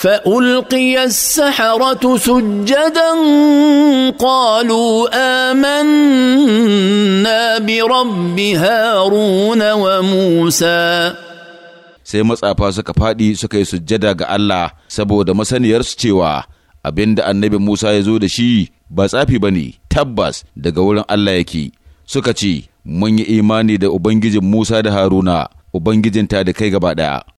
فالقي السحره سجدا قالوا rabbi برب هارون وموسى sai matsafa suka faɗi suka yi sujjada ga Allah saboda masaniyarsu cewa abin da annabi Musa ya zo da shi ba tsafi ba ne tabbas daga wurin Allah yake suka ce mun yi imani da Ubangijin Musa da Haruna Ubangijinta da kai gaba ɗaya.